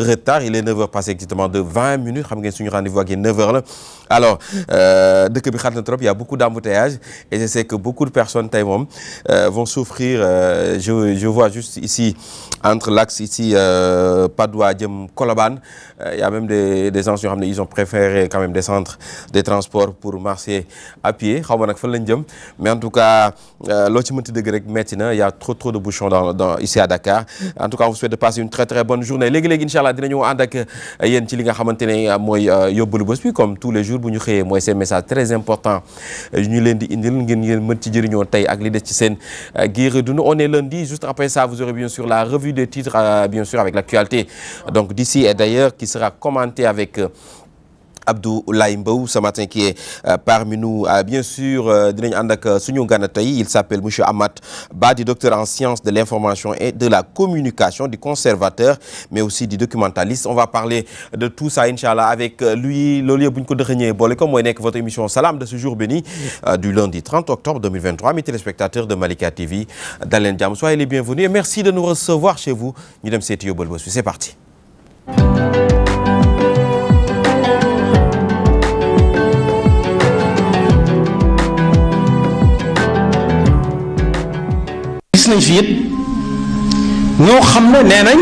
retard il est 9h passé exactement de 20 minutes Je rendez-vous à 9h alors euh, de il y a beaucoup d'embouteillages et je sais que beaucoup de personnes euh, vont souffrir euh, je vois juste ici entre l'axe ici euh, Padoua il y a même des gens qui ils ont préféré quand même des centres de transport pour marcher à pied mais en tout cas l'autre ci de maintenant, il y a trop trop de bouchons ici à Dakar en tout cas on vous souhaite de passer une très très bonne journée allah dinañu ñëw ak euh, ci li nga xamantene moy euh, mooy euh, bëss bi comme tous les jours buñu ñu moy ces messages message très important ñu leen di indil ngeen ngeen mën ci jëriñoo tay ak li dess ci sen guerre dund on est lundi juste après ça vous aurez bien sûr la revue des titres bien sûr avec l'actualité donc d'ici et d'ailleurs qui sera commentée avec Abdou Laïmbou, ce matin qui est euh, parmi nous. Euh, bien sûr, euh, il s'appelle M. Amat Badi, docteur en sciences de l'information et de la communication, du conservateur, mais aussi du documentaliste. On va parler de tout ça, Inch'Allah, avec lui, Lolio Bounko de Bolé, comme on votre émission Salam de ce jour béni du lundi 30 octobre 2023. Mes téléspectateurs de Malika TV, d'Alain Diam, soyez les bienvenus et merci de nous recevoir chez vous. C'est parti. gis nañ fi it ñoo xam ne nee nañ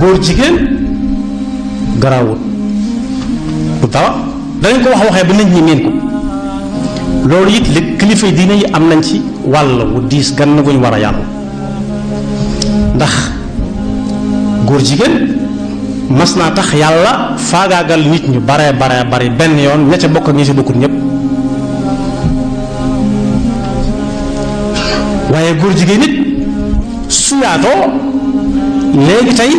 góor jigéen garaawul bu tawa danañ ko wax waxee ba nit ñi miin ko loolu it li kilifa diine yi am nañ ci wàll wu diis gann guñ war a yàlla ndax góor jigéen mas naa tax yàlla faagaagal nit ñu bare bare bari benn yoon ña bokk ak ñi ci bokkut ñëpp góor jigéen it su yaatoo léegi tey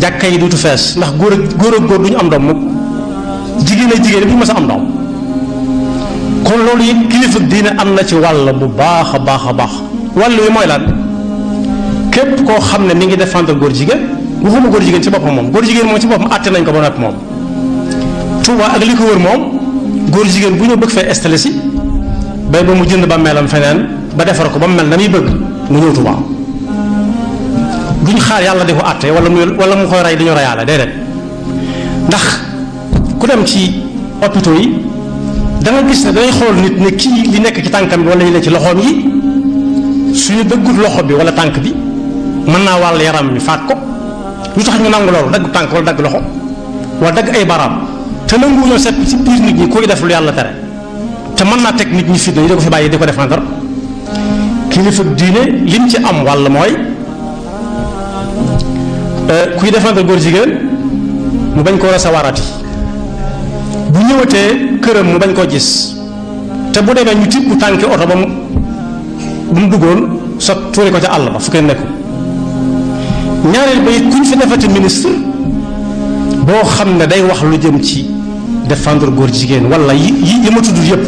jàkka yi duutu fees ndax góor ak góor ak góor du ñu am doom mukk jigéen ak jigéen bu ñu mës a am doom kon loolu it kilifa diine am na ci wàll bu baax a baax a baax wàll wi mooy lan képp koo xam ne mi ngi défendre góor jigéen waxuma góor jigéen ci boppam moom góor jigéen moom ci boppam àtte nañ ko ba noppi moom Tuuba ak li ko wër moom góor jigéen bu ñu bëgg fee installé si bay ba mu jënd ba meelam feneen ba defar ko ba mu mel na muy bëgg mu ñëw Tuubaa duñ xaar yàlla di ko àtte wala mu wala mu koy rey dañu reyaale déedéet ndax ku dem ci hôpitaux yi da gis ne dañuy xool nit ne kii li nekk ci tànkam bi wala li ne ci loxoom yi suñu dëggut loxo bi wala tànk bi mën naa wàll yaram mi faat ko lu tax ñu nangu loolu dagg tànk wala dagg loxo wala dagg ay baraam te nanguwuñoo set ci biir nit ñi koy def lu yàlla tere te mën naa teg nit ñi fii dañu da ko fi bàyyi di ko défendre kilifa diine lim ci am wàll mooy euh, kuy défendre góor jigéen mu bañ koo rasawaarati bu ñëwatee këram mu bañ koo gis te bu demee ñu tibb tànki oto ba mu bu mu duggoon sot tuuri ko ca àll ba fu koy nekku ba it kuñ fi defati ministre boo xam ne day wax lu jëm ci défendre góor jigéen wala yi yi ma tudd yépp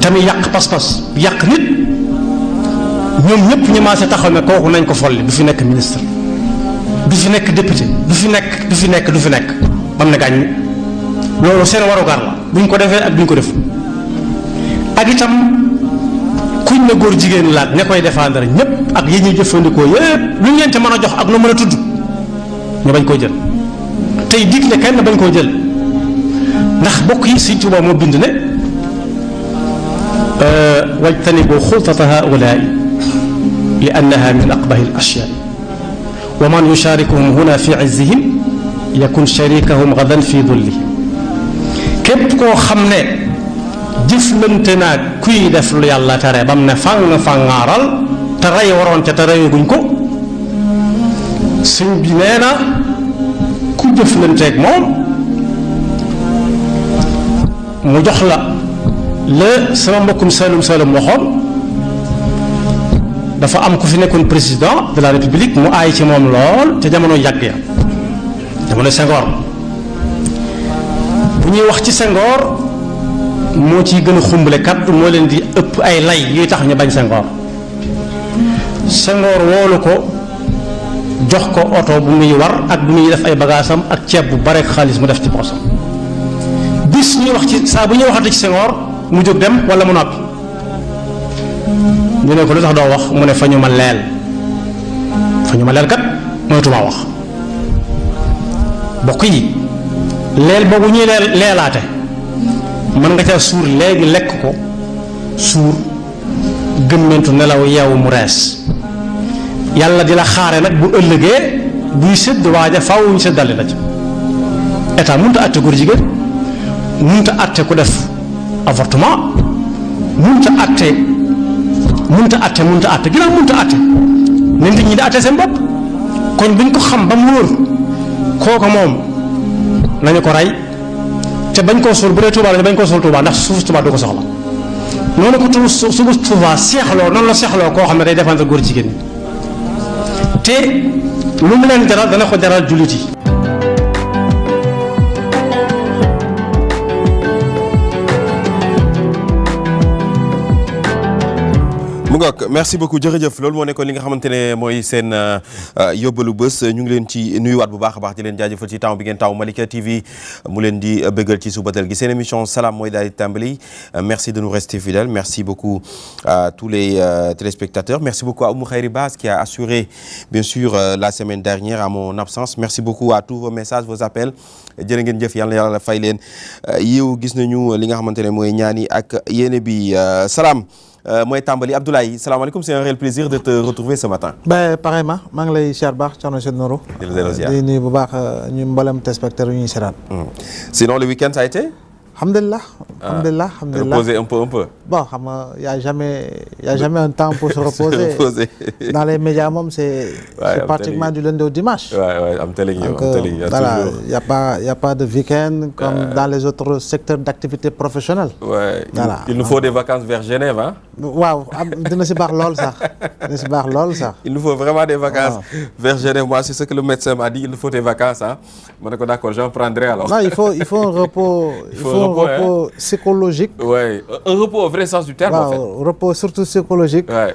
tamit yàq pas-pas yàq nit ñoom ñëpp ñu maase taxaw ne kooku nañ ko folli du fi nek ministre du fi nek député du fi nek du fi nek du fi nek bam na gàññ lolu seen waru gar la buñ ko défé ak buñ ko def ak itam kuñ na gor jigen laat né koy défendre ñep ak yéñu jëfëndiko yëpp lu leen ci mëna jox ak lu mëna tudd ñu bañ ko jël tay dig né kenn bañ ko jël ndax bokk yi Sëriñ Tuubaa mo bind ne wajtanibu xultata haulaai لأنها من أقبه الأشياء ومن يشاركهم هنا في عزهم يكون شريكهم غدا في ذلهم كبكو خمنا جسمنا كيدا دفل يا الله ترى بمن فان فان عرال ترى يوران ترى يقولكو سن بنانا كو دفل موم مجحلا لا سلام بكم سالم سالم وخم dafa am ku fi nekkoon président de la république mu aay ci moom lool ca jamono yàgg ya jamono sengoor bu ñuy wax ci sengoor moo ciy gën a xumbale kat moo leen di ëpp ay lay yuy tax ñu bañ sengoor sengoor woolu ko jox ko oto bu muy war ak bu muy def ay bagaasam ak ceeb bu bare xaalis mu def ci boosam bis ñuy wax ci saa bu ñuy waxate ci sengoor mu jóg dem wala mu noppi ñu ne ko lu tax doo wax mu ne fa ñu ma leel fa ñu ma leel kat wax bokk yi leel boobu ñuy leel leelaate mën nga caa suur léegi lekk ko suur gëmmentu nelaw yeewu mu rees yàlla di la xaare nag bu ëllëgee buy sëdd waaja faaw ñu sëddali la ci état mënut a àtte góor jigéen mënut a àtte ku def avortement mënut a àtte mënta atte mënta atte ginnaaw mënta atte ne nit ñi di atte seen bopp kon buñ ko xam ba mu wóor kooka moom nañu ko rey te bañ koo suul bu dee Touba lañu bañ koo suul Touba ndax suuf Touba du ko soxla noonu ko tu su suuf Touba seexloo noonu la seexloo koo xam ne day défendre góor jigéen te lu mu leen dana ko jaral jullit yi mu merci beaucoup jërëjëf loolu moo nekkoon li nga xamantene moy sen euh, yobalu beus ñu ngi leen ci wat bu baax baax di leen jaajëfal ci taw bi ngeen taw Malika TV mu leen di bëggal ci subatel gi sen émission salaam moy Dali Tambali. merci de nous rester fidèles merci beaucoup à euh, tous les euh, téléspectateurs merci beaucoup à Oumou Khayri Bass qui a assuré bien sûr la semaine dernière à mon absence merci beaucoup à tous vos messages vos appels jërë ngeen jëf yalla yàlla fay leen yiw gis nañu li nga xamantene moy mooy ñaani ak yene bi salaam euh, moi Tambali Abdoulaye alaikum, c'est un réel plaisir de te retrouver ce matin. ben pareillement je di bu euh, hmm. sinon le week-end ça a été. Alhamdulillah, ah. alhamdulillah, Reposer un peu, un peu. Bon, il n'y a, jamais, y a jamais un temps pour se reposer. Dans les médias, c'est ouais, pratiquement du lundi au dimanche. Oui, oui, I'm telling you. Il n'y a, a, pas, y a pas de week-end comme dans les autres secteurs d'activité professionnelle. Oui, Voilà. Il, nous faut des vacances vers Genève. Hein? Waouh, ça. Il nous faut vraiment des vacances ah. vers Genève. Moi, c'est ce que le médecin m'a dit, il nous faut des vacances. Hein? D'accord, j'en prendrai alors. Non, il faut, il faut un repos. il faut un repos, psychologique. Ouais. Un repos au vrai sens du terme, en fait. Un repos surtout psychologique. Ouais.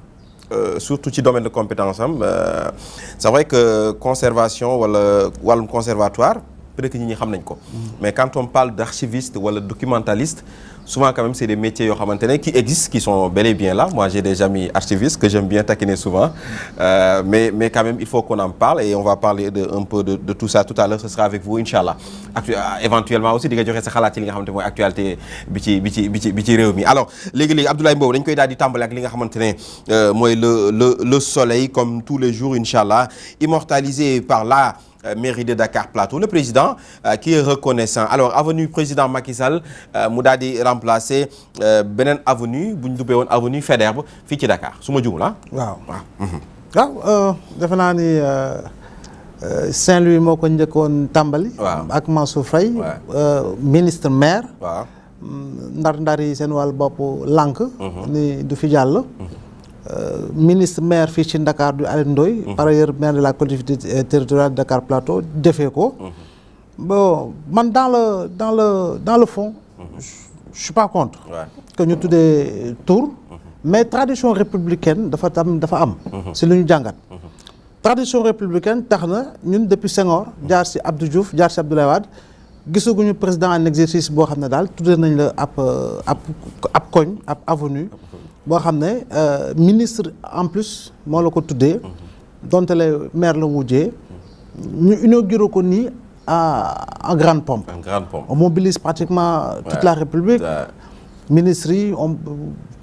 Euh, sur tout ce domaine de compétences. Euh, c'est vrai que conservation ou un conservatoire mais quand on parle d'archiviste ou de documentaliste souvent quand même c'est des métiers qui existent qui sont bel et bien là moi j'ai des amis archivistes que j'aime bien taquiner souvent euh, mais mais quand même il faut qu'on en parle et on va parler de un peu de, tout ça tout à l'heure ce sera avec vous Inch'Allah. Euh, éventuellement aussi di nga vous sa xalaat ci li alors Abdoulaye Mbou, dañ koy di ak li euh, le soleil comme tous les jours Inch'Allah. immortalisé par la euh, mairie de Dakar Plateau le président euh, qui est reconnaissant alors avenue président Macky Sall euh, mu remplacé di remplacer avenue bu avenue Faidherbe fii ci Dakar C'est ma juumul ah. waaw waaw waaw mhm. ah, defe naa ni Saint-Louis moo ko Tambali, tàmbali. ak ministre maire. waaw mm, ndar Ndari yi seen wàllu bopp mhm. ni du fi euh, ministre maire fichin ci du Alendoy mhm. par ailleurs maire de la collectivité euh, territoriale Dakar Plateau mhm. bon dans le fond mhm. je suis pas contre que tous des tour mais tradition républicaine dafa tam dafa am tradition républicaine taxna depuis cinq jaar ci Abdou Diouf jaar ci Abdoulaye Wade président en exercice bo nañ euh, boo xam euh, ministre en plus dont la dont tuddee le maire la mujjee ñu inauguré en grande pompe on mobilise pratiquement toute la république ministre on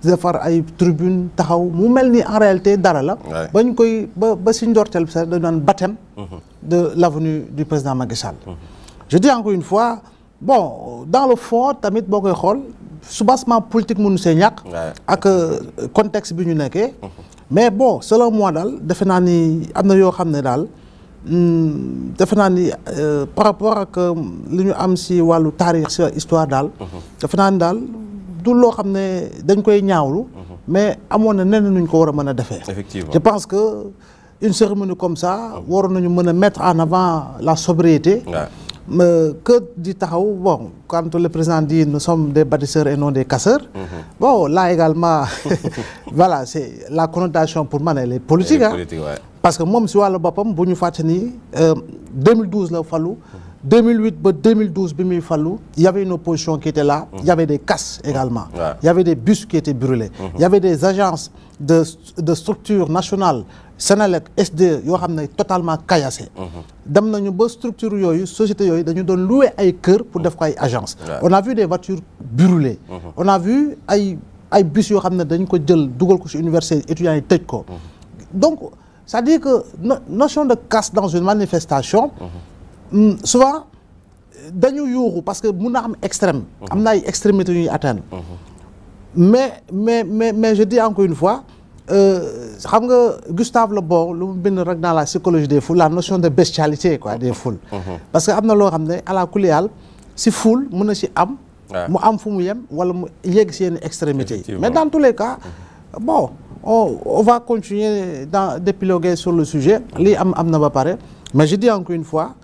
on faire ay tribune taxaw mu en réalité dara la bañ koy ba si baptême mhm. de l'avenue du président Macky mhm. je dis encore une fois bon dans le fond tamit boo soubassement politique mënu see ñàkk. ak euh, contexte bi ñu mais bon selon moi dal, defe naa ni dal, na hmm, euh, par rapport à que euh, liñu am ci walu taarix ci histoire dal mhm. defe dal ni du lo xamné dañ koy ñaawlu. Mhm. mais amoon na nenn nuñ ko wara mëna défé effectivement je pense que une cérémonie comme ça ah waro nañu mëna mettre en avant la sobriété. Ouais que du bon, quand le président dit nous sommes des bâtisseurs et non des casseurs, mhm. bon, là également, voilà, c'est la connotation pour moi, elle est politique. Hein. Parce que moi, je suis allé à 2012, là, fallu. 2008 2012, il y avait une opposition qui était là, il y mhm. avait des casses également, il y avait des bus qui étaient brûlés, mhm. il y avait des agences de, de structures nationales Senelec SDE ils sont totalement caillassé dem nañu ba structure une société nous dañu loué louer ay pour faire des agences. agence on a vu des voitures brûlées mhm. on a vu des bus qui ont été dañ ko jël université étudiants yi tëj mhm. donc ça dit dire que notion de casse dans une manifestation mhm. mm, souvent dañu yuuxu parce que mun na am extrême am na ay extrémité ñuy atteindre mais mais mais mais je dis encore une fois euh, xam Gustave Le Bon lu mu dans la psychologie des foules la notion de bestialité quoi des foules. Mhm. parce que am na loo xam à la kuliyal si foule mën na si am. mu am fu mu yem wala mu yegg extrémité mais dans tous les cas bon on, va continuer d'épiloguer sur le sujet. am ba mais je dis encore une fois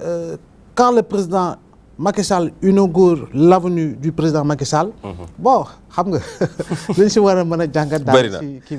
euh, quand le président. Macky Sall inaugure l'avenue du président Macky Sall. Mhm. bon xam nga li ñu si war a mën a jàngat. bëri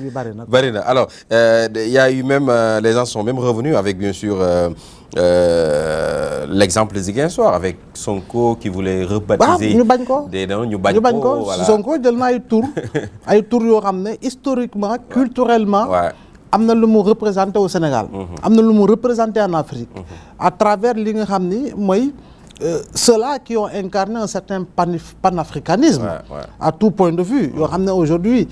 bi bari na. Bari na alors euh, y a eu même euh, les gens sont même revenus avec bien sûr euh, euh l'exemple soir avec Sonko qui voulait rebaptiser. ah, nous des noms ñu bañ ko. Sonko jël na ay tour ay tour yo xamné historiquement. culturellement. Ouais. am na lu représenté au Sénégal. Mhm. am na lu mu représenté en Afrique. Mhm. à travers li nga xamni ni euh, ceux-là qui ont incarné un certain panafricanisme à tout point de vue. Ouais. Aujourd'hui,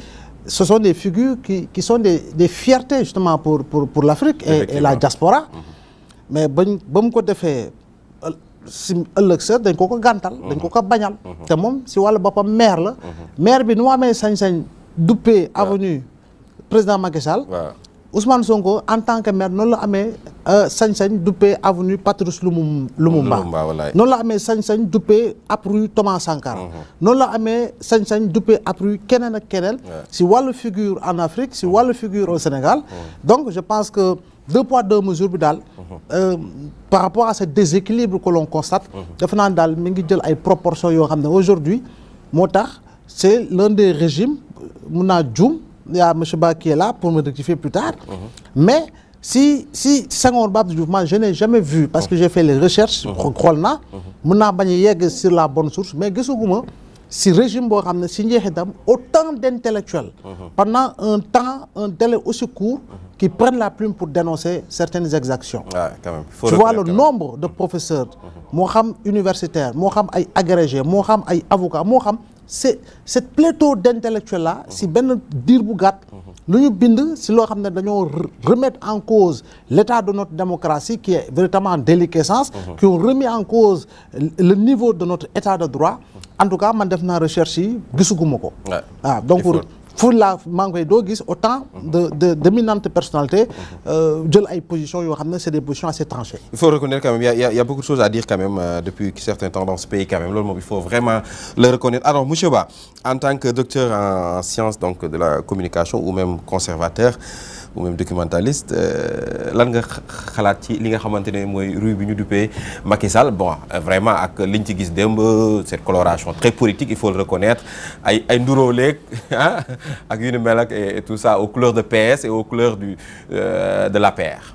ce sont des figures qui, qui sont des, des, fiertés justement pour, pour, pour l'Afrique et, la diaspora. Mhm. Mais bon, bon côté fait, ëllëg sa dañ ko ko un mhm. dañ ko ko bañal mhm. te moom si wàllu un maire la maire bi nu un sañ-sañ avenue président Macky Ousmane Sonko en tant que maire noonu la amee euh, sañ-sañ à avenue Patrice Lumumba Nous avons la amee sañ-sañ duppee Thomas Sankara mhm. noonu la amee sañ-sañ après ab Kenel. keneen si si le figure en Afrique si le figure au Sénégal mhm. donc je pense que deux poids deux mesures mhm. euh, par rapport à ce déséquilibre que l'on constate defe naa daal a proportions aujourd'hui Motar, c'est l'un des régimes qui euh, Djoum, il y a M. Ba qui est là pour me rectifier plus tard. Mhm. Mais si, si du mouvement, je n'ai jamais vu, parce que j'ai fait les recherches, je uh -huh. sur la bonne source, mais si le régime a signé autant d'intellectuels mhm. pendant un temps, un délai aussi court, mhm. qui prennent la plume pour dénoncer certaines exactions. quand même. tu vois le nombre de professeurs, universitaires, agrégés, avocats, cette plateau d'intellectuels-là mhm. si ben diir mhm. nous si remettre en cause l'état de notre démocratie qui est véritablement en déliquescence mhm. qui ont remis en cause le niveau de notre état de droit en tout cas je def naa recherche je ne ah, donc la manque autant de de personnalités de euh, ay position c'est des positions assez tranchées. il faut reconnaître quand même il y a y a beaucoup de choses à dire quand même euh, depuis certains temps dans ce pays quand même loolu il faut vraiment le reconnaître alors monsieur en tant que docteur en sciences donc de la communication ou même conservateur ou même documentaliste euh, lan nga xalaat ci li nga xamantene moy rue bi ñu duppee Macky Sall bon euh, vraiment ak liñ ci gis démb cette coloration très politique il faut le reconnaître ay ay nduróoleeg avec ah, ak yu mel ak et tout ça aux couleurs de PS et aux couleurs du euh, de l'APR.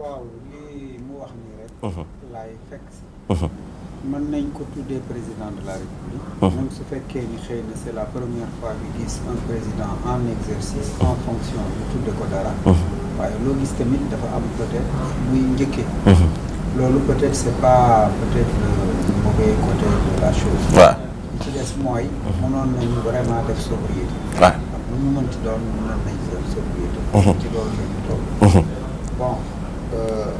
waaw li mu wax ni rek. Mhm. laay fekk. Mhm man nañ ko tuddee président de la république. Oh. même su fekkee ni xëy na c'est la première fois ñu gis un président en exercice en fonction ñu tuddee ko dara. Oh. waaye loo gis tamit dafa am peut-être muy njëkkee. Oh. loolu peut-être c'est pas peut-être le mauvais côté de la chose. waaw li ci des mooy. mënoon nañu vraiment def sobriété. waaw ak lu mu mënti doon mënoon nañu def sobriété. ci loolu la ñu bon. Euh,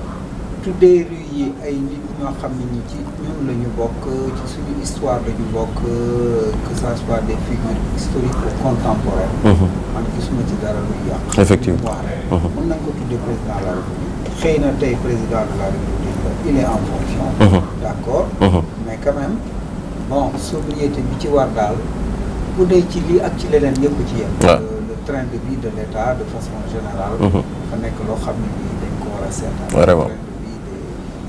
tout rue ay nit ñoo xamni ñi ci ñun lañu bok ci suñu histoire la bok que ça soit des figures historiques ou contemporaines. Mhm. man ma ci dara lu yàq. effectivement waaw mhm. mën nañ ko tuddee président de la république xëy na tey président de la république il est en fonction. Mhm. d' accord. mais quand même bon sobriété bi ci war daal bu dee ci lii ak ci leneen yëpp ci yem. Euh, le train de vie de l' état de façon générale. dafa nekk loo xam ne dañ ko war a seetaan. vraiment.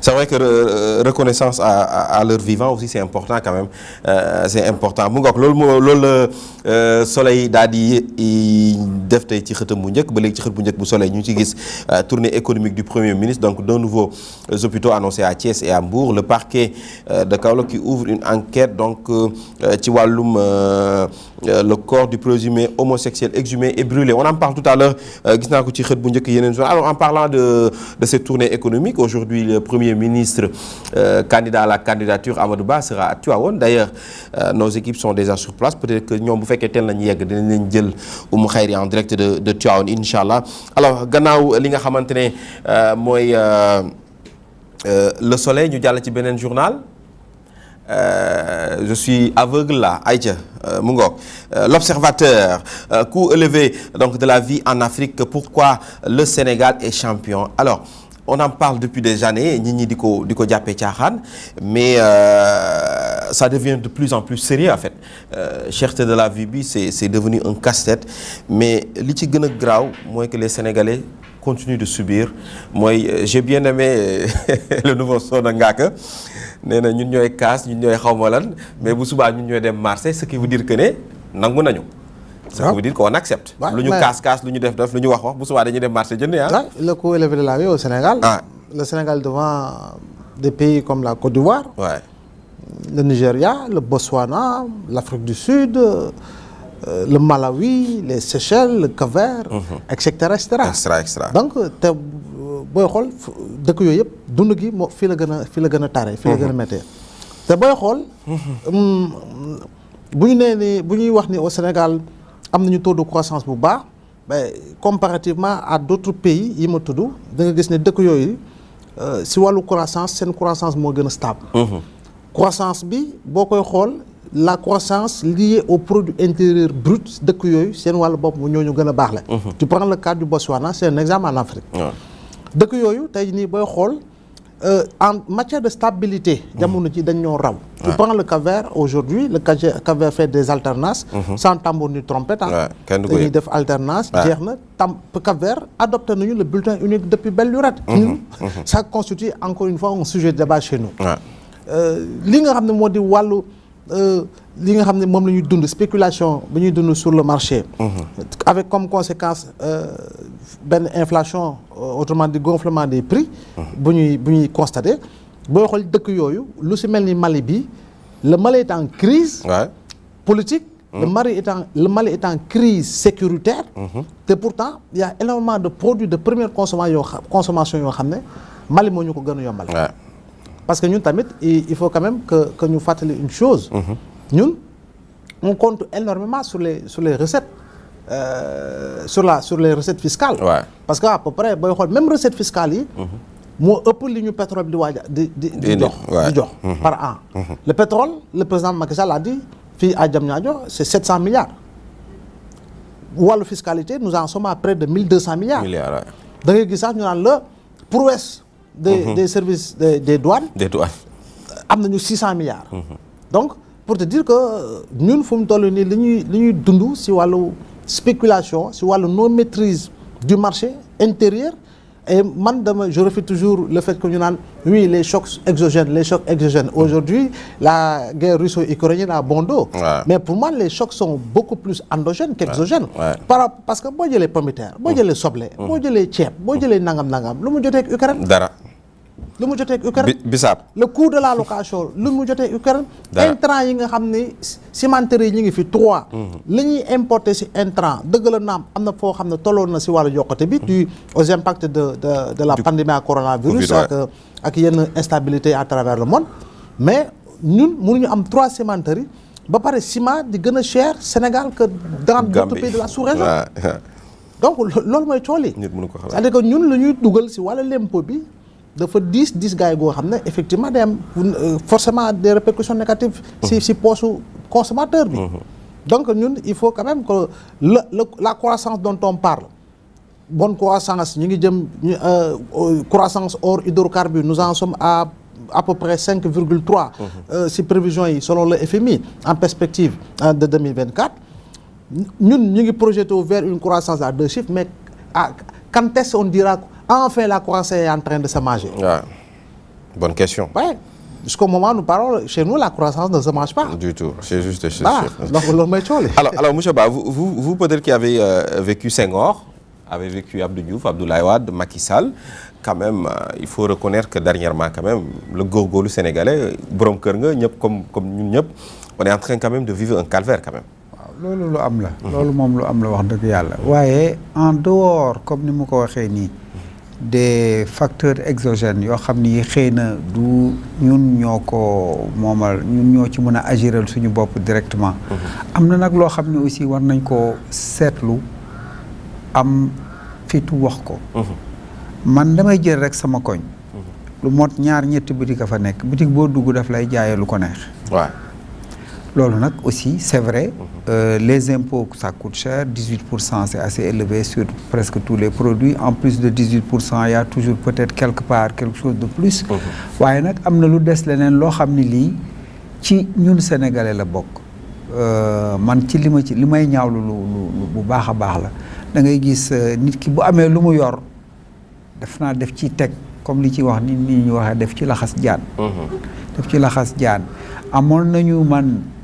C'est vrai que euh, euh, reconnaissance à, à, vivants leur vivant aussi, c'est important quand même. Euh, c'est important. le soleil d'Adi, il def tey ci soleil tournée économique du premier ministre donc de nouveaux hôpitaux annoncés à Thiès et à Mbour le parquet de Kaolo qui ouvre une enquête donc ci le corps du présumé homosexuel exhumé et brûlé on en parle tout à l'heure alors en parlant de de cette tournée économique aujourd'hui Premier ministre euh, candidat à la candidature Amadou Ba sera à Tuaoune d'ailleurs euh, nos équipes sont déjà sur place peut-être que nous bu fait que nous yegg dinañ Ou jël Oumou en direct de de Inch'Allah alors gannaaw li nga xamante euh, euh, le soleil ñu avons ci un journal. Euh, je suis aveugle là Aïtje euh, l'observateur coût élevé donc de la vie en Afrique pourquoi le Sénégal est champion alors on en parle depuis des années Nini ñi Diko mais euh, ça devient de plus en plus sérieux en fait euh, cherté de la vie c'est c'est devenu un casse-tête mais ce qui est grave, c'est que les Sénégalais continuent de subir Moi, euh, j'ai bien aimé euh, le nouveau son de Ngaka nee na ñun ñooy kaas ñun mais bu subaa ñun ñooy dem ce qui veut dire que ne nangu ça veut dire qu'on accepte. lu ñu casse kaas lu ñu def def lu ñu wax wax bu subaa dañuy dem marché jënd ah. le coût élevé de la vie au Sénégal. Ah. le Sénégal devant des pays comme la Côte d'Ivoire. Ouais. le Nigeria le Botswana l'Afrique du Sud. Euh, le Malawi les Seychelles le Cap Vert. Mhm. et cetera et cetera. extra donc te euh, booy xool dëkk yooyu yëpp dund gi moo fii la gën a fii la gën a tare fii la gën a mhm. te booy xool. Mhm. Mm, bu ñu nee ni wax ni au Sénégal am nañu taux de croissance bu baax mais comparativement à d'autres pays yi ma tudd da nga gis ne dëkk yooyu euh, si walu croissance seen croissance moo gën a stable. Mhm. croissance bi boo koy xool la croissance liée au produit intérieur brut dëkk yooyu seen wàllu bopp ñoo ñu gën a baax la. Mhm. tu prends le cas du Botswana c' est un exemple en Afrique. dëkk yooyu tey nii booy xool. Euh, en matière de stabilité, jamono ji Tu prends le caver aujourd'hui, le caver fait des alternances mhm. sans tambour ni trompette. Il il fait des alternances le tam le bulletin unique depuis belle lurette. Mhm, mhm. ça constitue encore une fois un sujet de débat chez nous. Euh, li nga xam Euh, li nga xamné mom spéculation sur le marché. Mhm. avec comme conséquence ben inflation euh, autrement dit gonflement des prix. nous mhm. ñuy constaté lu Mali le Mali est en crise. politique. Mhm. Le Mali est en, le Mali est en crise sécuritaire. Et pourtant il y a énormément de produits de première consommation qui consommation Mali parce que nous, il faut quand même que que fassions une chose. Nous, on compte énormément sur les sur les recettes euh, sur la sur les recettes fiscales. parce qu'à peu près même recettes fiscales yi. Mhm. moo ëpp li ñu pétrole di par an mhm. le pétrole le président Macky Sall a dit c'est 700 milliards. c'est à la milliards la fiscalité nous en sommes à près de 1200 milliards da ngay gis nous avons la prouesse des mhm. services des douanes des douanes 600 milliards donc pour te dire que euh, nous ne mu pas le nid, ñuy la spéculation si le non maîtrise du marché intérieur et man je refuse toujours le fait que ñu oui les chocs exogènes les chocs exogènes mm. aujourd'hui la guerre russo-ukrainienne a bon mais pour moi les chocs sont beaucoup plus endogènes qu'exogènes parce que moi jëlee pomme de terre soblés, moi mm. j'ai les jëlee moi j'ai les nangam nangam lu mu jotee Ukraine bisaab le coût de la location lu mu jotee Ukraine intrant yi nga xam ni cimenterie yi ñu ngi fi trois mm-hmm. li ñuy importer si intrant dëgg la naam am na foo xam ne tolloon na si wàllu yokkute bi mm-hmm. dû aux impacts de de de la pandémie à coronavirus ak euh, ak yenn instabilité à travers le monde mais ñun ñu am trois cimenterie ba pare ciment di gën a cher Sénégal que dans d'autres pays la sous-région donc loolu mooy cool yi c'est-à-dire que ñun la ñuy dugal si wàllu lempo bi dafa 10 10, gars go effectivement euh, forcément des répercussions négatives si si poosu consommateur mhm. donc ñun il faut quand même que la croissance dont on parle bonne croissance euh, euh, croissance hors hydrocarbures nous en sommes à à peu près 5,3 ces mhm. prévisions selon le FMI en perspective hein, de 2024 Nous, nous projetons vers une croissance à deux chiffres mais quand est-ce on dira fait la croissance est en train de se manger ah, Bonne question. Ouais. Jusqu'au moment où nous parlons, chez nous, la croissance ne se mange pas. Du tout, c'est juste c'est bah, Alors, alors M. vous, vous, vous peut-être qui avez euh, vécu Senghor, avez vécu Abdou Diouf, Abdoulaye Wade, Macky Sall, quand même, euh, il faut reconnaître que dernièrement, quand même, le gorgolou sénégalais, Brom comme, comme nous, on est en train quand même de vivre un calvaire quand même. C'est ce qui est. C'est ce qui est. En dehors, comme nous l'avons dit, de facteurs exogènes yoo xam ni xëy na du ñun ñoo ko moomal ñun ñoo ci mën a agiral suñu bopp directement. Mhm. am na nag loo xam ne aussi war nañ ko seetlu am fitu wax ko. Mhm. man damay jël rek sama koñ. Mhm. lu mot ñaar ñetti bitik a fa nekk bitik boo dugg daf lay jaayee lu ko neex. waaw c'est aussi c'est vrai euh, les impôts ça coûte cher 18 c'est assez élevé sur presque tous les produits en plus de 18 il y a toujours peut-être quelque part quelque chose de plus mais il y a des choses qui sont ne ci ñun sénégalais la bokk euh, man ci li ma ci li c'est ñaawlu lu gens bu ont a baax la da ngay gis euh, nit ki bu yor def ci comme li ci wax ni nii ñu waxee def ci laxas jaan mhm. def ci ce jaan nañu man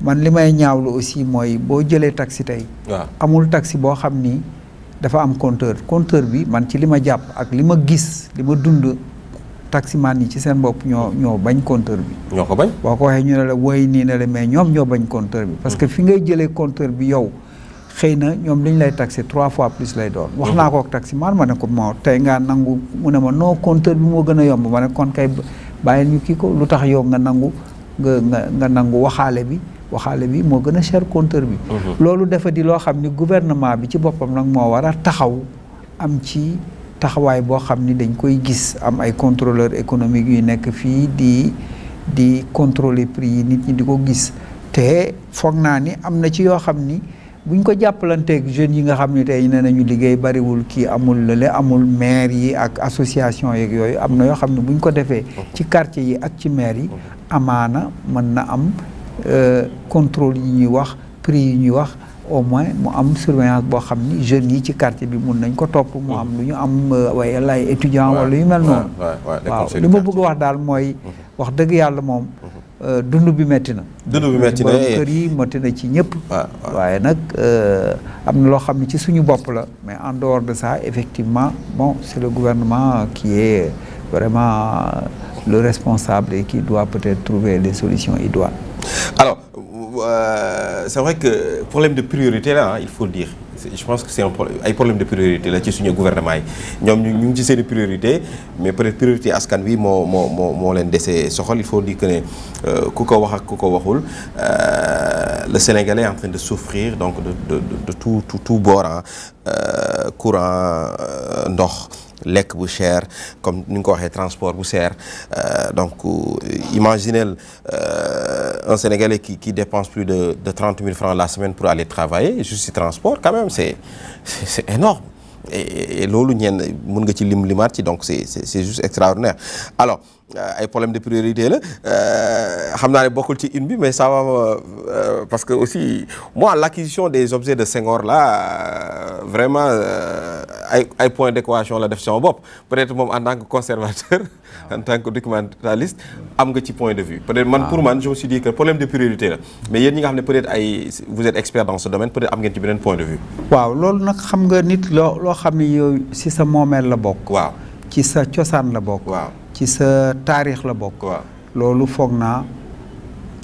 man li may ñaawlu aussi mooy boo jëlee taxi tey. amul taxi boo xam ni dafa am compteur compteur bi man ci li ma jàpp ak li ma gis li ma dund taximan yi ci seen bopp ñoo ñoo bañ compteur bi. ñoo ko bañ boo ko waxee ñu ne la nii ne la mais ñoom ñoo bañ compteur bi. parce que hmm. fi ngay jëlee compteur bi yow. xëy na ñoom li ñu lay taxé trois fois plus lay doon. wax naa hmm. kook ak taximaan ma ne ko moo tey ngaa nangu mu ne ma noo compteur bi moo gën a yomb ma ne kon kay bàyyil ñu kii ko lu tax yow nga nangu nga nga nga nangu waxaale bi. waxaale bi moo gën a cher compteur bi. Mhm. loolu dafa di loo xam ni gouvernement bi ci boppam nag moo war a taxaw am ci taxawaay boo xam ni dañ koy gis am ay contrôleur économique yu nekk fii di di contrôler prix yi nit ñi di ko gis te foog naa ni am na ci yoo xam ni. buñ ko jàppalanteeg jeunes yi nga xam ni tey nee nañu liggéey bariwul kii amul lële amul maire yi ak association yeeg yooyu am na yoo xam ne buñ ko defee mhm. ci quartier yi ak ci maire yi mhm. amaana mën na am Euh, contrôle yi ñuy wax prix yi ñuy wax au moins mu am surveillance bo xamni jeune yi ci quartier bi mën nañ ko top mu am lu ñu am euh, way lay étudiant wala yu mel noonu waaw li ma bëgg wax dal moy mhm. wax dëgg yàlla moom mhm. euh, dundu bi metti na dundu bi metti na eh. kër yi metti na ci ñëpp waaye nag am na loo xam ne ci suñu bopp la mais en dehors de ça effectivement bon c'est le gouvernement qui est vraiment le responsable et qui doit peut-être trouver les solutions idoines alors, euh, c'est vrai que problème de priorité là, hein, il faut le dire. Je pense que c'est un problème de priorité là ci suñu gouvernement Nous avons ñu ngi ci priorité mais peut-être priorité à ce qu'on vit, mon, ce dit, il faut dire que euh, euh, le Sénégalais est en train de souffrir donc de tout tout tout bord hein. euh, courant euh, ndox. L'école bu cher comme ni avons ko transport bu euh, donc euh, imaginez euh, un Sénégalais qui qui dépense plus de de 000 francs la semaine pour aller travailler juste transports, quand même c'est c'est énorme et lolu mën nga ci lim donc c'est c'est juste extraordinaire alors euh, ay problème de priorité la euh, xam naa vous avez ci une bi mais ça va euh, parce que aussi moi l'acquisition des objets de Senghor là vraiment ay ay point d'équation la def peut-être moi en tant que conservateur ah. en tant que documentaliste am nga ci point de vue peut-être man ah. pour moi je me suis dit que problème de priorité là, mais nga peut-être ay vous êtes expert dans ce domaine peut-être am ngeen ci un point de vue waaw lolou nak xam nga nit lo loo xam ne yow si sa la bokk waaw ci sa cosaan la bokk ci sa le la bokk. lolou fogna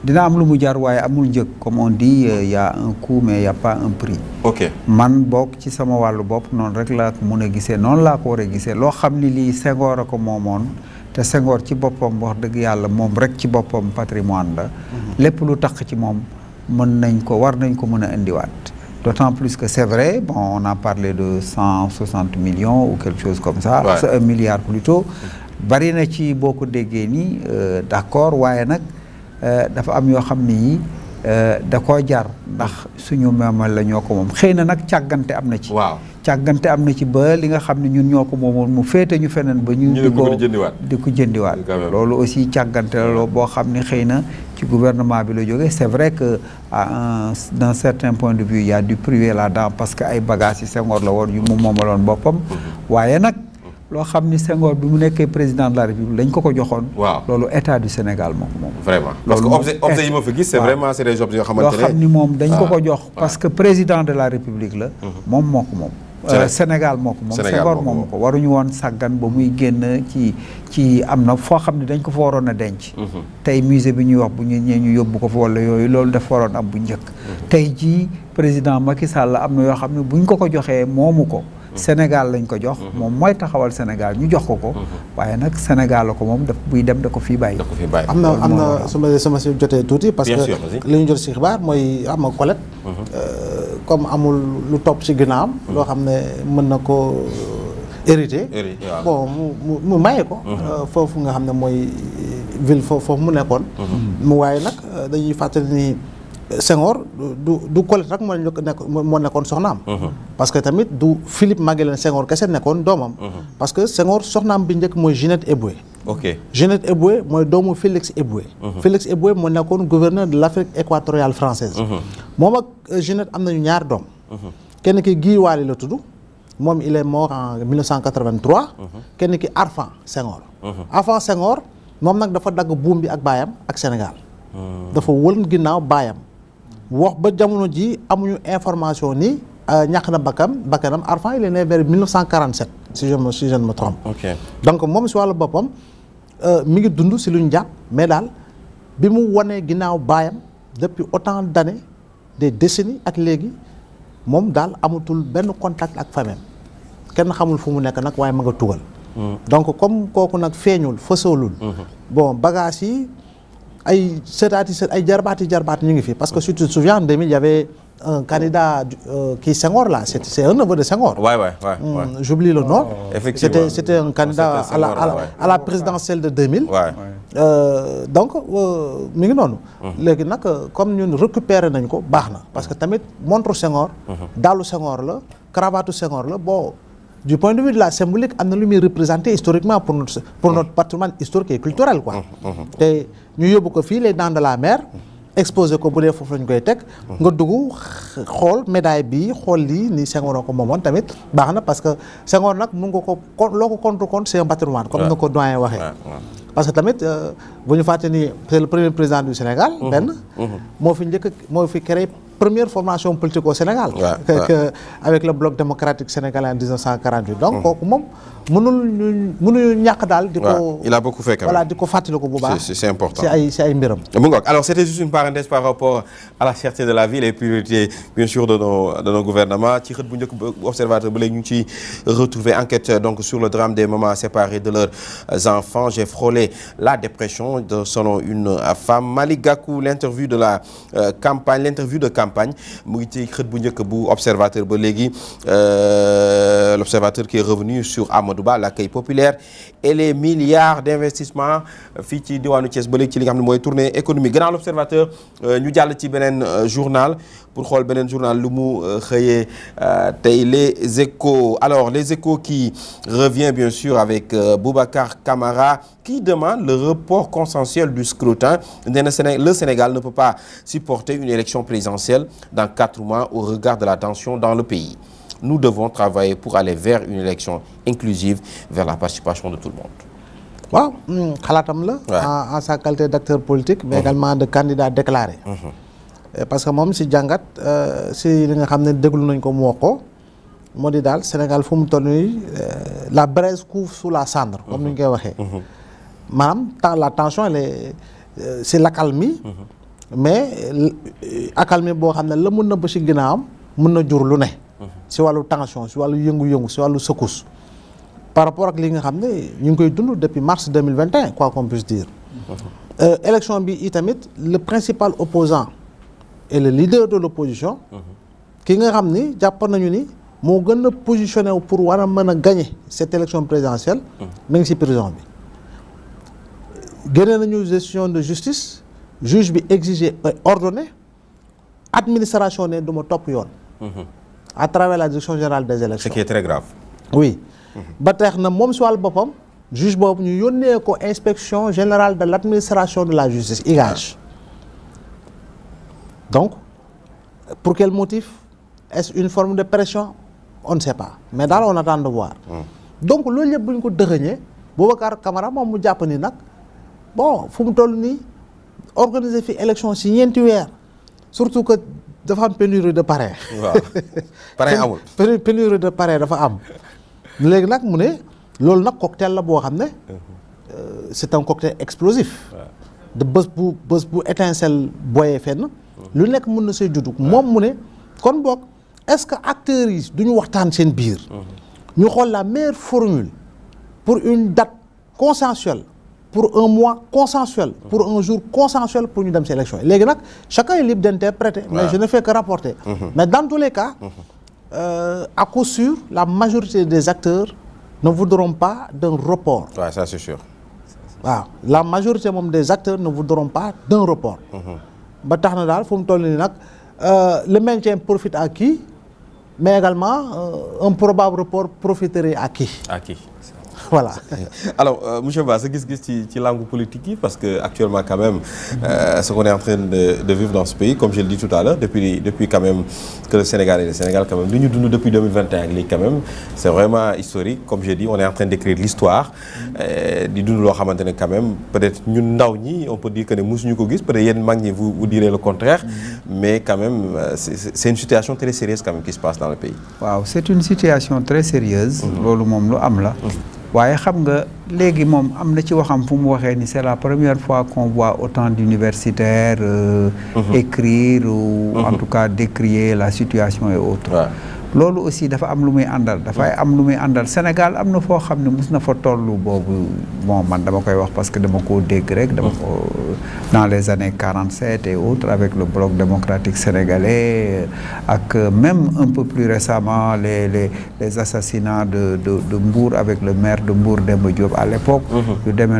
dina am lu mu jar waaye amul njëg comme on dit il euh, y a un coût mais il y a pas un prix. ok man bokk ci sama walu bop non rek la ko mun non non ko war a lo xamni li ni lii Senghor a ko moomoon. te Senghor ci bopom wax deug yalla mom rek ci bopom patrimoine la. Mhm. lepp lu tax ci mom mën nañ ko war nañ ko mën a wat D'autant plus que c'est vrai bon on a parlé de 160 millions ou quelque chose comme ça. c'est un milliard plutôt. Mhm. bari na ci boo ko déggee nii euh, d'accord waaye nag euh, dafa am yoo xam ne yi euh, da koo jar ndax suñu memal la ñoo ko moom xëy na nag càggante am na ci. waaw càggante am na ci ba li nga xam ni ñun ñoo ko moomoon mu féete ñu feneen ba. ñu di ko di ko jëndiwaat. loolu aussi càggante la boo xam ne xëy na ci gouvernement bi la jóge c'est vrai que à un d'un certain point de vue il a du privé là-dedans parce que ay bagages yi Senghor la woon yu mu moom moomaloon boppam. Mm-hmm. waaye nag. loo xam ni Senghor bi mu nekkee président de la République dañ ko ko joxoon. waaw loolu état du Sénégal moo moom. vraiment parce que objet objet yi ma fi gis c'est vraiment c'est des objets yoo xamante moom dañ ko ko ah. jox. Ah. parce que président de la République la. Mhm. moom moom ko moom. Euh, Sénégal moo ko moom Senghor moom ko waruñu woon sàggan ba muy génn ci ci am na foo xam ne dañ ko fa waroon a denc mhm. tey musée bi ñuy wax bu ñu ñee ñu yóbbu ko fa wala yooyu loolu dafa waroon am bu njëkk mhm. tey ji président Macky Sall am na yoo xam ne buñ ko ko joxee moomu ko Mhm. Sénégal lañ ko jox mhm. moom mooy taxawal Sénégal ñu jox ko ko mhm. waaye nag Sénégal ko moom daf buy dem da ko fii bàyyi am na am na su ma su ma si jotee tuuti parce que li ñu jot si xibaar mooy am na Colette euh, comme amul lu topp si ginnaawam loo xam ne mën na ko euh, hérité bon mu mu maye ko euh, foofu nga xam ne mooy ville foofu mu nekkoon mu waaye nag dañuy fàttali ni Senghor du du Colette rek moo nekk moo nekkoon soxnaam. Mhm. parce que tamit du Philippe Maguilen Senghor kese nekkoon doomam. Mhm. parce que Senghor soxnaam bi njëkk mooy Ginette Eboué. ok Ginette Eboué mooy doomu Félix Eboué. Mhm. Félix Eboué moo nekkoon gouverneur de l' Afrique française. moom ak Ginette euh, am nañu ñaar doom. kenn ki Guy la tudd moom il est mort en kenn ki Arfan Senghor. Arfan Senghor moom nag dafa dagg buum bi ak baayam ak Sénégal. dafa wël ginnaaw baayam. wax ba jamono ji amuñu information ni euh, ñàkk na bakkanam bakkanam Arfan il est né vers 1947 si je me si je ne me trompe. ok donc moom si wàllu boppam euh, mi ngi dund si luñ jàpp mais daal bi mu wanee ginnaaw baayam depuis autant d' années des décennies ak léegi moom daal amatul benn contact ak famille kenn xamul fu mu nekk nag waaye ma nga tugal. Mm. donc comme kooku nag feeñul fësalul. Mm-hmm. bon bagage yi. ay sëtaati sët ay jarbaati jarbaat ñu ngi fi parce que si tu te souviens en 2000 il y avait un candidat euh, qui Senghor là c'est un neveu de Senghor. Ouais ouais ouais. Mmh, J'oublie le nom. Oh. effectivement c'était c'était un candidat à la à la, présidentielle de 2000. Ouais. Euh, donc euh, mi non, noonu. Hmm. léegi que euh, comme nous récupérons nañ ko baax parce que tamit montre Senghor. Hmm. le Senghor là, cravate Senghor là, boo du point de vue de la symbolique on a lui représenté historiquement pour notre pour notre patrimoine historique et culturel quoi mmh, mmh, mmh. te ñu yóbbu ko fii les dents de la mer exposé ko bu dee foofu lañ koy nous nga dugg xool médaille bi xool lii ni Senghor ko moomoon tamit baax parce que Senghor nag mun nga ko ko contre contre c'est un patrimoine comme na doyen waxee parce que tamit vous euh, ñu fàtte ni c'est le premier président du Sénégal benn moo fi moi, je fi créé première formation politique au Sénégal. avec le bloc démocratique sénégalais en 1948. Donc, mhm. il a beaucoup fait c'est important alors c'était juste une parenthèse par rapport à la fierté de la ville et puis bien sûr de nos gouvernements ci observateur ba retrouvé enquêteur donc sur le drame des mamans séparées de leurs enfants j'ai frôlé la dépression selon une femme Malik Gakou l'interview de la euh, campagne l'interview de campagne mu ngi ci observateur ba euh, l'observateur qui est revenu sur Amadouba, l'accueil populaire et les milliards d'investissements fiti fii ci diwaanu Thiès le ci li nga économique grand observateur euh, ñu jall ci benen euh, journal pour xol benen journal lu mu euh, xeyé les échos alors les échos qui revient bien sûr avec Boubacar Kamara, qui demande le report consensuel du scrutin le Sénégal ne peut pas supporter une élection présidentielle dans quatre mois au regard de la tension dans le pays nous devons travailler pour aller vers une élection inclusive, vers la participation de tout le monde. waaw mm, xalaatam la en sa qualité d'acteur politique mais mhm. également de candidat déclaré mhm. euh, parce que moi, si jàngat euh, si li nga xam ne comme nañ ko mu wax ko Sénégal il faut que la braise couvre sous la cendre comme ni ñu dit. Mhm. Madame, la tension elle est euh, l'accalmie mais l'accalmie, c'est ce que la mun na ba si na c'est la tension c'est le yung, yëngu si à secousse par rapport à ce que nous avons ñu nous depuis mars 2021 quoi qu'on puisse dire euh, élection bi itamit le principal opposant et le leader de l'opposition qui, nga été nañu ni positionné pour gagner cette élection présidentielle mi ngi ci prison bi gestion de justice juge bi exigé ordonné administration de mon top à travers la direction générale des élections. ce qui est très grave. oui ba tax na moom si wàllu juge bop ñu yónnee ko inspection générale de l'administration de la justice IGAJ donc pour quel motif est-ce une forme de pression on ne sait pas mais dans on attend de voir. Hmm. donc loolu yëpp buñ ko dëxëñee Boubacar Camara mom mu japp ni nak bon fu mu toll ni organiser fi élection ci ñenti surtout que dafa am pénurie de parrain. waaw parrain amul. pénurie de parrain dafa am léegi nag mu ne loolu nag cocktail la boo xam ne euh, c'est un cocktail explosif. de bës bu bës bu étincelle booyee fenn. lu nekk mën na see juddu. moom mu ne kon boog est-ce que acteurs yi duñu waxtaan seen biir. Mmh. ñu xool la meilleure formule pour une date consensuelle pour un mois consensuel pour un jour consensuel pour une dame sélection élection chacun est libre d'interpréter mais je ne fais que rapporter mm-hmm. mais dans tous les cas mm-hmm. euh, à coup sûr la majorité des acteurs ne voudront pas d'un report Oui, ça c'est sûr la majorité même des acteurs ne voudront pas d'un report mm-hmm. ba na euh, le maintien profite à qui mais également euh, un probable report profiterait à qui à qui voilà. alors euh, monsieur Ba ce ci ci langue politique parce que actuellement quand même euh, ce qu'on est en train de de vivre dans ce pays comme je l'ai dit tout à l'heure depuis depuis quand même que le Sénégal est le Sénégal quand même nous, nous, depuis 2021 quand même c'est vraiment historique comme je dit, on est en train d'écrire l'histoire euh, di dund loo xamante quand même peut-être nous, ndaw ñi on peut dire que ne nous ko peut-être vous vous direz le contraire mm-hmm. mais quand même euh, c'est, une situation très sérieuse quand même qui se passe dans le pays c'est une situation très sérieuse mm-hmm. loolu moom lu am la mm-hmm c'est la première fois qu'on voit autant d'universitaires euh, mhm. écrire ou en mhm. tout cas décrier la situation et autres loolu aussi dafa am lu muy àndal dafay am lu muy Sénégal amna fo xamné xam na fa tollu bobu bon man dama koy wax parce que dama ko dégg rek dama mm. dans les années 47 et autres avec le bloc démocratique sénégalais ak euh, même un peu plus récemment les les les assassinats de de de Mbour avec le maire de Mbour Demba Diop à l'époque mm-hmm. yu démé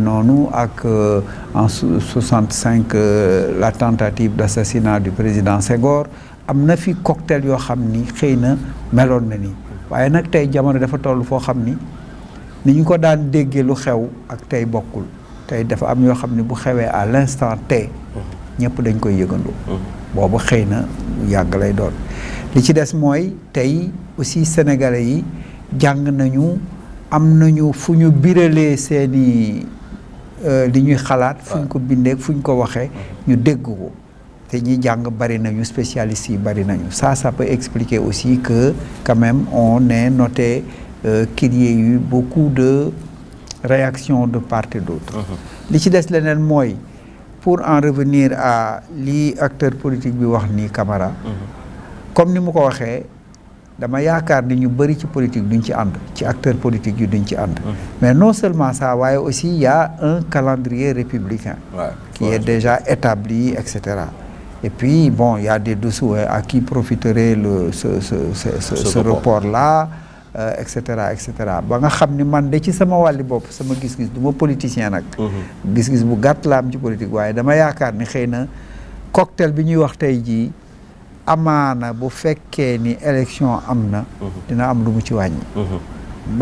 ak euh, en 65 euh, la tentative d'assassinat du président Senghor am na fi cocktail yoo xam ni xëy na meloon na ni waaye nag tey jamono dafa toll foo xam ni ni ñu ko daan déggee lu xew ak tey bokkul tey dafa am yoo xam ni bu xewee à l'instant tey ñëpp dañ koy yëgandoo boobu xëy na yàgg lay doon li ci des mooy tey aussi sénégalais yi jàng nañu am nañu fu ñu biralee seeni euh, li ñuy xalaat fu ñu ko bindee fu ñu ko waxee ñu dégg ko te spécialistes bari nañu ça ça peut expliquer aussi que quand même on est noté euh, qu'il y a eu beaucoup de réactions de part et d'autre mhm. li ci des pour en revenir à li acteur politique bi wax ni Camara mhm. comme ni mu ko waxee dama yaakaar ni ñu bëri ci politique duñ ci ànd ci acteur politique yu duñ ci mhm. mais non seulement ça mais aussi y a un calendrier républicain ouais, qui est déjà établi et cetera et puis, bon, il y a des dessous hein, à qui profiterait le, ce, ce, ce, ce report-là, euh, etc. etc. ba nga xam ni man de ci sama wàlli bopp sama gis-gis du ma politicien nag. Mhm. gis-gis bu gàtt la am ci politique waaye dama yaakaar ni xëy na cocktail bi ñuy wax tey jii amana, bu fekkee ni élection am na. Mhm. dina am lu mu ci wàññi. Mhm.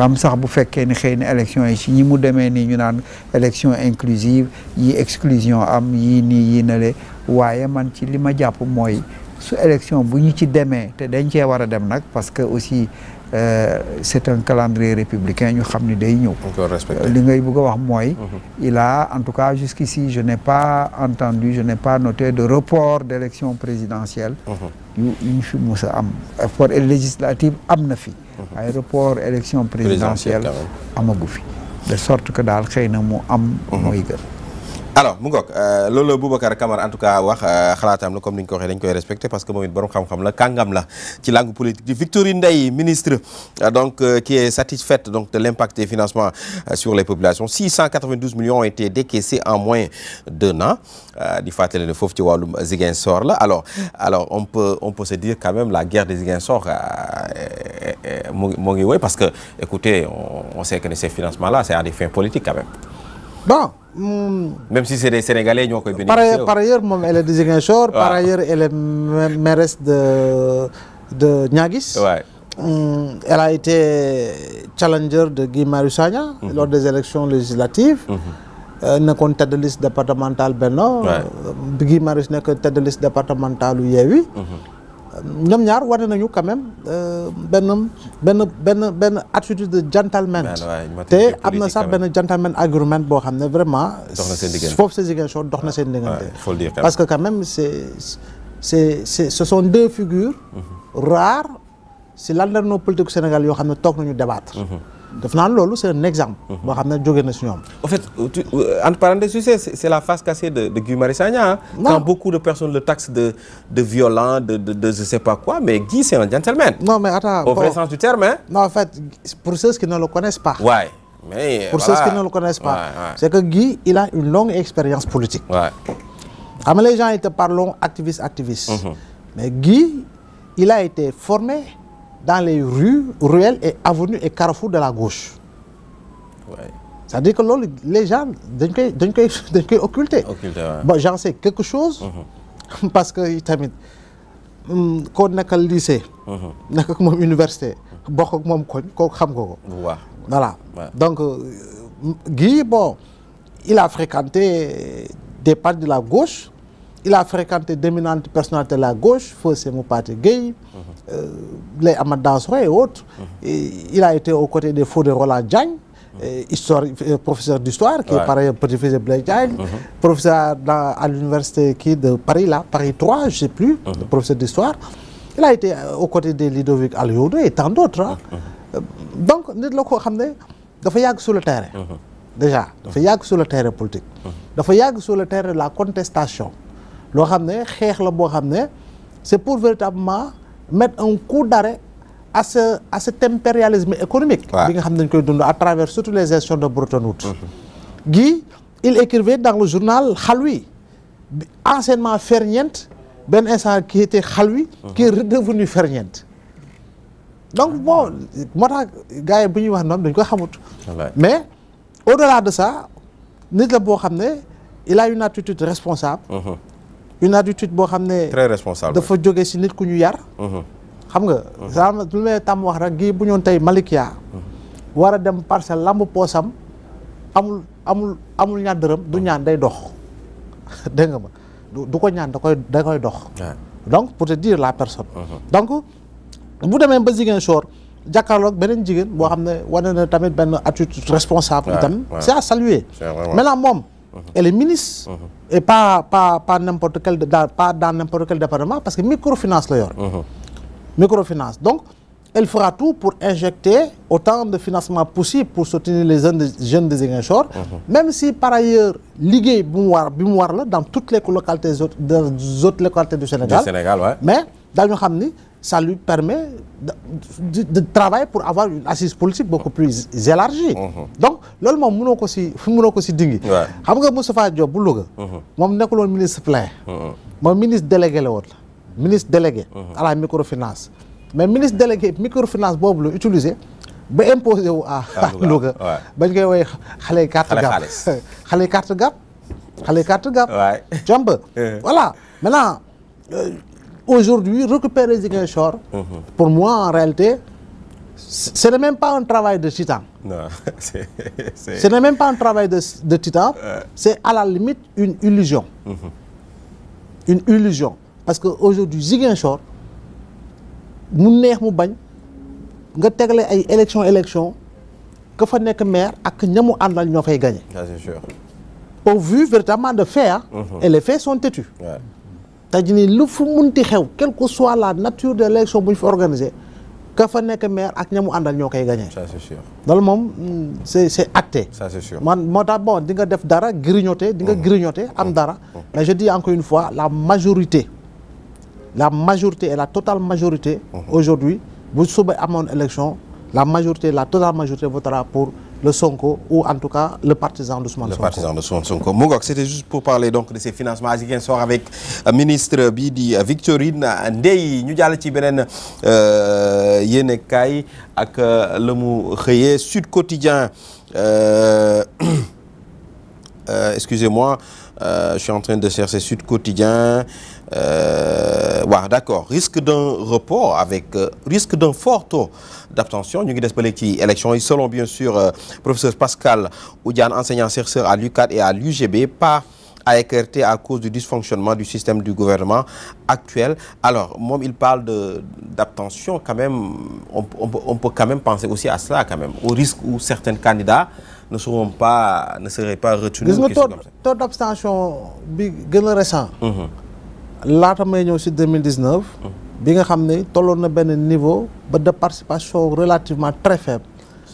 bam sax bu fekkee ni xëy na élection yi ci ñi mu demee nii ñu naan élection inclusive yi exclusion am ni nii yii nale oui, man ci li ma jàpp que su élection bu ñu ci en train dañ parce que aussi euh, c'est un calendrier républicain ñu xam ni Donc respecté. Euh, li ngay bëgg wax mhm. il a en tout cas jusqu'ici je n'ai pas entendu je n'ai pas noté de report d'élection présidentielle Il mhm. y a un report législative il na a mhm. ay report d'élection présidentielle fi de sorte que cas, il na mu am mooy gën alors Mungok, euh, le le Boubacar Camara en tout cas wax euh, comme ni respecté parce que je suis borom xam-xam la la langue politique de Victorine ministre euh, donc qui est satisfaite donc de l'impact des financements sur les populations 692 millions ont été décaissés en moins d'un an di alors alors on peut on peut se dire quand même la guerre des Ziguinchor euh, moo ngi parce que écoutez on sait que ces financements là c'est à des fins politiques quand même bon. Hmm. même si c'est des Sénégalais ñoo koy. par ailleurs elle est désignée ah. par ailleurs elle est mairesse de de hmm. elle a été challenger de Guy Marusanya mhm. lors des élections législatives. Mhm. Euh, nekkoon tête de liste départementale euh, Guy Marius nekk tête de liste départementale ñom ñaar wane nañu quand même ben ben ben ben attitude de gentleman té amna sa ben gentleman agreement bo xamné vraiment fof sa Ziguinchor dox na sen diggante parce que quand même c'est c'est ce sont deux figures mhm. rares C'est lan la noo politique Sénégal yo xamné tok nañu débattre mhm c'est un exemple. en fait tu, euh, parenthèses la face cassée de Guy Marissagna hein. quand beaucoup de personnes le taxent de de violent de de ne je sais pas quoi mais Guy c'est un gentleman. non mais attends au vrai sens du terme hein. non en fait pour ceux qui ne le connaissent pas. Ouais. Mais pour ceux qui ne le connaissent pas, c'est que Guy, il a une longue expérience politique. Ouais. les gens, ils te parlent activistes, activistes mm-hmm. Mais Guy, il a été formé dans les rues, ruelles et avenues et carrefours de la gauche. C'est-à-dire que les gens dañ koy occultés. j'en sais quelque chose. Mhm. parce que tamit mm, koo le lycée. Mhm. nekk moom université. bokk ak voilà donc euh, Guy bon il a fréquenté des parts de la gauche il a fréquenté d'éminentes personnalités de la gauche, Fosse Moupati Gueye, euh, les Ahmad et autres. il a été aux côtés des faux de Roland Diagne, euh, euh, professeur d'histoire, qui est par ailleurs petit-fils de Blaise Djang, professeur à l'université qui de Paris, là, Paris 3, je ne sais plus, mhm. professeur d'histoire. Il a été euh, aux côtés de Ludovic Aliodo et tant d'autres. Hein. Mhm. Donc, nous savons dafa yàgg sur le terrain. Mhm. déjà dafa yàgg sur le terrain politique. dafa yàgg sur le terrain de la contestation c'est pour véritablement mettre un coup d'arrêt à ce à cet impérialisme économique bi nga à travers toutes les gestions de Bretton Woods mm-hmm. Guy il écrivait dans le journal Khaloui »« anciennement Ferniente Ben instant qui était Khalwi mm-hmm. qui est redevenu Ferniente donc bon moi tax gars yi bu wax dañ ko mais au-delà de ça nit la il a une attitude responsable mm-hmm une attitude bo xamné très responsable dafa jóge ci nit ku ñu yar. Mhm. xam nga. saa mhm. lu may tam wax rek gi bu ñoon tey Malikia. Mhm. wara dem parcelle lamb posam amul amul amul ñaar du ñaan day dox dégg nga ma du ko ñaan da koy da koy dox. donc pour te dire la personne. donc bu demee ba Ziguinchor. jàkkaarloog beneen benen jigen bo xamné wane na tamit ben attitude responsable. tam c'est à saluer. la mom. Uh-huh. elle est ministre. Uh-huh. et pas pas pas n'importe quel dans pas dans n'importe quel département parce que microfinance d'ailleurs uh-huh. microfinance donc elle fera tout pour injecter autant de financement possible pour soutenir les jeunes des jeunes même si par ailleurs ligué bimwar dans toutes les localités autres localités du Sénégal. mais dans le ça lui permet de, de, travailler pour avoir une assise politique beaucoup plus élargie. Mhm. Donc, loolu je mënoo si fi mënoo si dingi xam nga Moustapha Diop bu Louga mhm. moom nekkul ministre plein mhm. moom ministre délégué Le ministre délégué à la microfinance mais ministre délégué microfinance boobu la utilisé ba imposé à Louga bañ koy woy xale carte gab xale carte gap. xale carte gab euh. voilà maintenant euh, aujourd'hui, récupérer Ziguinchor, mhm. pour moi, en réalité, ce n'est même pas un travail de titan. Non, Ce n'est même pas un travail de, titan, euh. c'est à la limite une illusion. Mhm. Une illusion. Parce qu'aujourd'hui, Ziguinchor, nous n'avons pas nga tegle ay élection élection que fa nek maire ak ñamu andal ñofay gagner au vu véritablement de faire, hein, mhm. et les faits sont têtus c'est-à-dire lu fu munti xew quelle que soit la nature de l'élection bu ñu qui est ka fa et maire ak ñamu àndal ñoo ça c'est sûr loolu hmm, c'est acté. ça c'est sûr man bon di nga def grignoter di mmh. grignoter am mmh. Mmh. mais je dis encore une fois la majorité la majorité et la totale majorité. aujourd'hui vous avez une élection la majorité la totale majorité votera pour le Sonko ou en tout cas le partisan de Sonko. Le partisan de Sonko. Mougok, c'était juste pour parler donc de ces financements à soir avec euh, ministre Bidi di euh, Victorine Ndeye ñu jàll ci beneen euh, yéenekaay ak le mu Sud Quotidien. Euh, excusez-moi, euh, je suis en train de chercher Sud Quotidien. Euh, D'accord, risque d'un report avec euh, risque d'un fort taux d'abstention. Nous avons des élection. Ils selon bien sûr professeur Pascal Oudian, enseignant-chercheur à l'UCAT et à l'UGB, pas à écarté à cause du dysfonctionnement du système du gouvernement actuel. Alors, moi, il parle d'abstention quand même. On, on, peut quand même penser aussi à cela quand même, au risque où certains candidats ne seront pas ne seraient pas retenus. le taux d'abstention récent. Mhm. laata 2019 mhm. niveau de participation relativement très faible.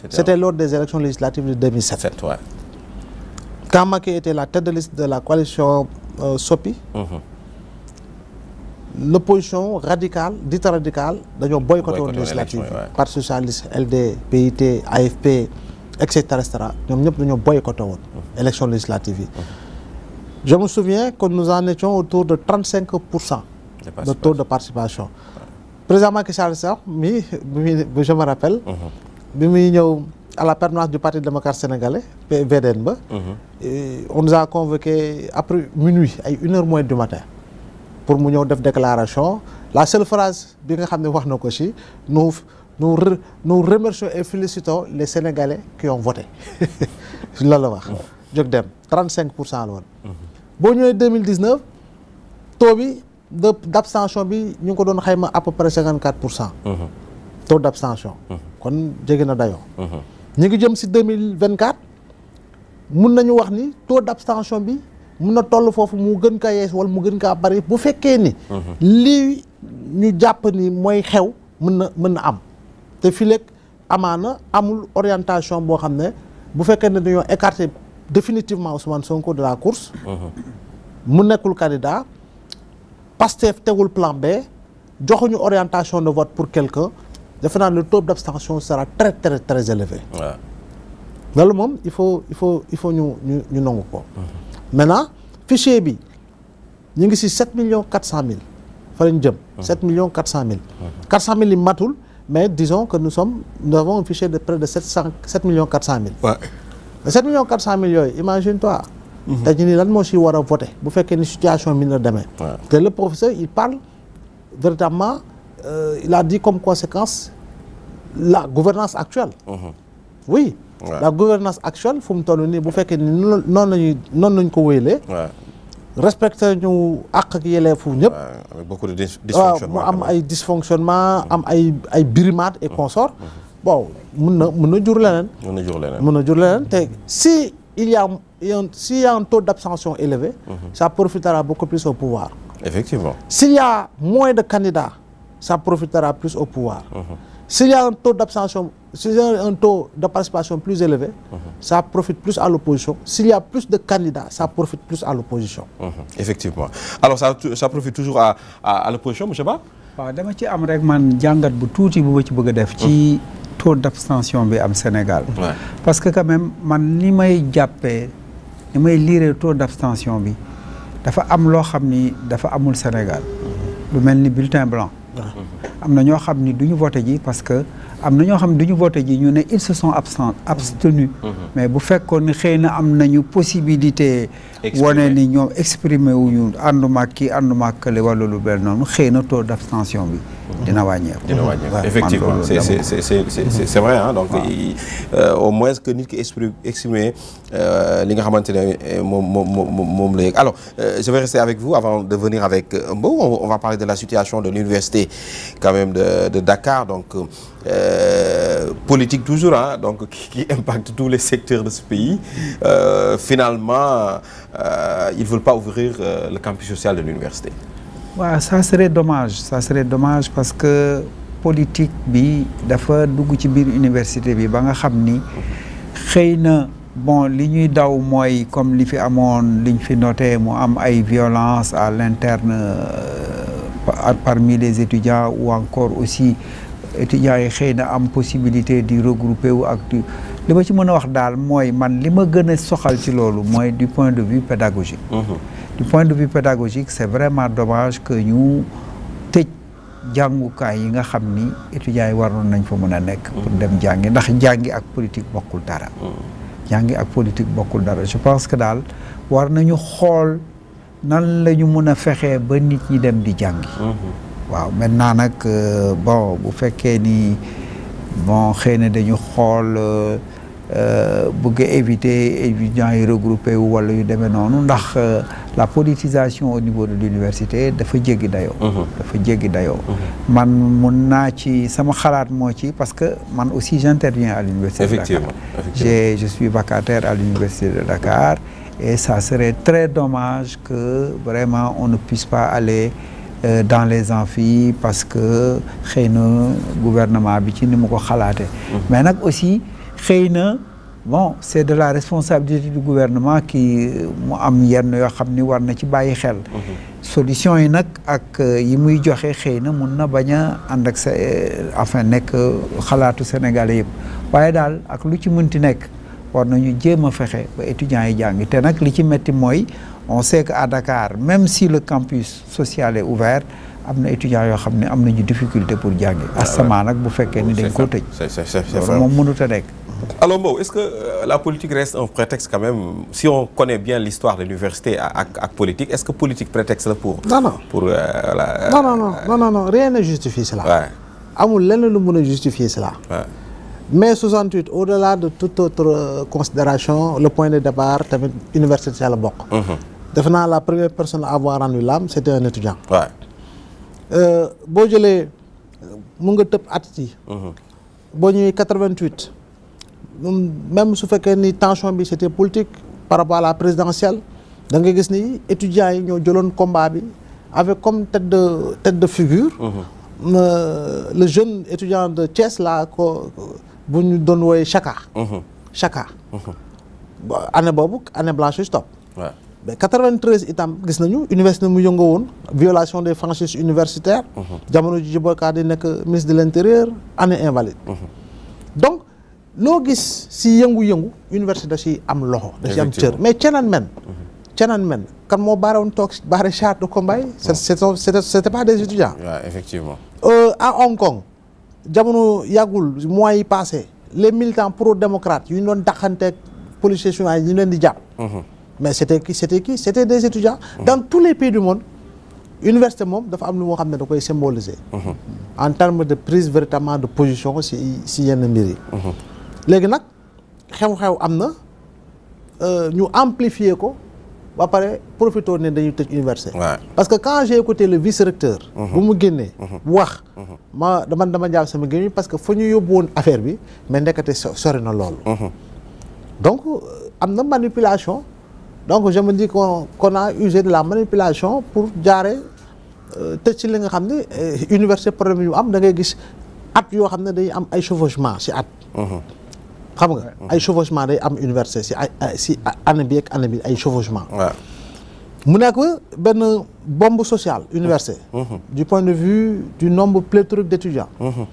C'était lors des élections législatives de 2007. quand était la tête de liste de la coalition euh, Sopi. Mhm. l'opposition radicale dite radicale d'ailleurs boycotté les parti socialiste LD PIT AFP etc. etcetera nous cetera boycotté élection législative je me souviens que nous en étions autour de 35% de taux de participation. président Macky Sall je me rappelle. Mhm. bi à la permanence du parti démocrate sénégalais VDN ba. Mhm. on nous a convoqué après minuit à 1h moins du matin. pour nous faire une déclaration la seule phrase bi nga nous ne nous nous nous remercions et félicitons les Sénégalais qui ont voté loolu la wax. jóg dem 35 pour cent la 2019 taux bi de d' bi ñu ko à peu près 54 taux d'abstention. abstention. kon jege na Nous ñu ngi jëm si 2024 mun nañu wax ni taux d'abstention abstention bi mun na toll foofu mu gën kaa yees wala mu gën kaa bari bu fekkee ni. Mhm. lii ñu jàpp ni mooy xew mën na mën na am. Et il amana amul orientation bo xamné bu fekkee ne dañoo définitivement Ousmane Sonko de la course. Mhm. mu nekul candidat Pastef téwul plan B joxuñu orientation de vote pour quelqu'un le taux d'abstention sera très très très élevé. waaw il faut il faut il faut ñu ñu ñu nangu ko. Mhm. maintenant fichier bi ñi ngi ci 7 millions 400 000 fa lañ jëm. 7 400 000, 400 000 yi matul mais disons que nous sommes nous avons un fichier de près de 7 millions 400 000. 7 400 000 imagine toi. te as ni si a situation mineure demain. le professeur il parle véritablement euh, il a dit comme conséquence la gouvernance actuelle. Mhm. oui. la gouvernance actuelle il faut bu respecté nous àq ak yeleefu avec beaucoup de dysfonctionnement avec des am dysfonctionnement am mm-hmm. et mm-hmm. consorts. Mm-hmm. bon nous na mun na nous si il y a un y a un taux d'abstention élevé. ça profitera beaucoup plus au pouvoir. effectivement s'il y a moins de candidats ça profitera plus au pouvoir. s'il y a un taux d'abstention si j'ai un taux de participation plus élevé, mhm. ça profite plus à l'opposition. S'il y a plus de candidats, ça profite plus à l'opposition. Mhm. Effectivement. Alors ça, ça, profite toujours à, à, l'opposition, M. Ba Je dama ci am rek man jàngat bu tuuti bu bëgg def taux d'abstention bi am Sénégal parce que quand même man ni may jàppee ni may le taux d'abstention bi dafa am loo xam dafa amul Sénégal mhm. Le mel bulletin blanc am na ñoo xam ni duñu voté ji parce que amna ñoo xam ne ji ñu ne ils se sont absents, abstenus mm-hmm. mais bu fekkoon ne xëy na am nañu possibilité wane ni ñoom exprimer wu ñu ànduma ki ànduma kële wala lu bel noonu xëy na taux d' abstention bi. dina wàññeeku. dina wàññeeku effectivement c' est c' est c' est vrai hein, donc euh, au moins que nit ki exprim exprimer euh, li nga xamante ne euh, moom moom moom la yëg alors je vais rester avec vous avant de venir avec Mbow on, va parler de la situation de l'université quand même de de Dakar donc. Euh, politique toujours hein, donc qui, qui impacte tous les secteurs de ce pays euh, finalement euh, ils ne veulent pas ouvrir euh, le campus social de l'université ça serait dommage ça serait dommage parce que politique bi dafa de ci biir université bi bon liñuy daw comme li fi noté am ay violence à l'interne euh, parmi les étudiants ou encore aussi étudiants qui ont la am possibilité de regrouper ou ak li ma ci mën a wax daal mooy man li ma gën a soxal ci loolu mooy du point de vue pédagogique mhm. du point de vue pédagogique c'est vraiment dommage que ñu tëj jàngukaay yi nga xam ni étudiants yi waroon nañ fa mën a nekk pour mhm. dem jàngi ndax jàngi ak politique bokkul dara mhm. jàngi ak politique bokkul dara je pense que daal war nañu xool nan lañu ñu mën a fexee ba nit ñi dem di jàngi waaw maintenant nag euh, bon bu fekkee ni bon xëy na dañu xool euh, pour euh, éviter étudiants yi regroupé ou wala yu euh, la politisation au niveau de l'université dafa jéggi dayoo mhm. dafa jéggi dayoo mhm. man mun parce que man aussi j'interviens à l'université de Dakar je suis vacataire à l'université de Dakar et ça serait très dommage que vraiment on ne puisse pas aller euh, dans les amphithéâtres parce que le gouvernement bi ci ne mu pas aller. Mhm. mais aussi xëy bon c'est de la responsabilité du gouvernement qui euh, mu am yenn yo xamni war na ci bàyyi xel mhm. solution yi nak ak euh, yi muy joxe xëy na na baña and ak sa euh, enfin nekk xalaatu sénégalais yëpp waye dal ak lu ci mënti nek war nañu jéem fexé ba étudiants yi jàngi té nak li ci metti moy on sait que à Dakar même si le campus social est ouvert amna na étudiants yoo xam ne difficulté pour jàngi ah asama nak bu féké ni oh, dañ ko tëj loolu moom mënut a nekk alors bon, est-ce que euh, la politique reste un prétexte quand même Si on connaît bien l'histoire de l'université avec politique, est-ce que politique prétexte pour... Non, non. Pour, euh, euh, non, non, non, non, non, rien ne justifie cela. Ouais. a rien ne justifie cela. Mais 68, au-delà de toute autre considération, le point de départ, l'université à la banque. Mm la première personne à avoir un l'âme, c'était un étudiant. Ouais. Euh, Beaujolais, Mungatop Atti, mm -hmm. 88, même si que ni tension bi politique par rapport à la présidentielle Vous voyez, étudiants ont pris le combat avec comme tête de tête de figure. Mhm. Euh, le jeune étudiant de Thiès là ko donné donne Chacun. Chaka. Mhm. Chaka. Mhm. année année blanche stop. Ouais. mais 93 itam nañu université mu violation des franchises universitaires. jamono ji Djibo Ka ministre de l'intérieur année invalide. donc lo gis si yëngu-yëngu université da si am loxo da si am cër mais Tiananmen men Tiananmen men kan mo baare tok toog baare char de combat c'est c'était pas des étudiants ouais, effectivement euh, à Hong Kong jamono yàggul mois yi passé les militants pro-démocrates yu ñu doon police policiers chinois ñu leen di japp mhm. mais c'était qui c'était qui c'était des étudiants mhm. dans tous les pays du monde université mom dafa am lu moo xam da koy symboliser mhm. en termes de prise véritablement de position si si yenn mbir yi léegi nak xew-xew amna euh ñu amplifier ko ba paré profiter né dañu tëj université. parce que quand j'ai écouté le vice recteur. Mhm. bu mu génnee. Mhm. wax mhm. ma dama dama jàpp sama gémmiñ parce que fa ñu yóbbu affaire bi mais ndekete sori na loolu. donc euh, amna manipulation donc je me dis qu'on a usé de la manipulation pour jaare euh, tëj ci li nga xam euh, université problème ñu am da ngay gis at yo xamné ne am ay chevauchement ci at xam nga ay chevauchement day am université si ay si année bi ak année bi ay chevauchement mu nekk benn bombe sociale université mhm. du point de vue du nombre pléthorique d'étudiants mhm.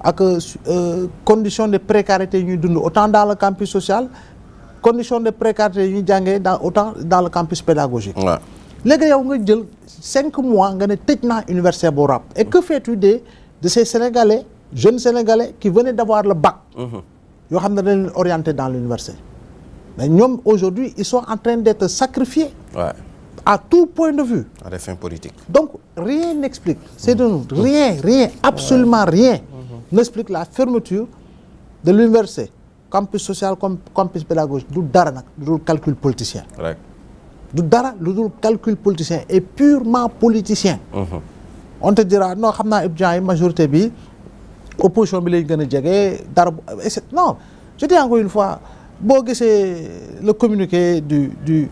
ak euh, euh, condition de précarité ñuy dund autant dans le campus social condition de précarité ñuy dans autant dans le campus pédagogique léegi yow nga jël cinq mois nga ne tëj naa université bu rap et que fais-tu de de ces sénégalais jeunes sénégalais qui venaient d'avoir le bac mhm. Ils sont orientés dans l'université mais aujourd'hui ils sont en train d'être sacrifiés à tout point de vue à des fins politiques donc rien n'explique c'est de nous mm-hmm. rien rien absolument rien mm-hmm. n'explique la fermeture de l'université campus social campus pédagogique du dara calcul politicien du dara tout calcul politicien et purement politicien mm-hmm. on te dira non majorité opposition bi non je dis encore une fois c'est le communiqué du du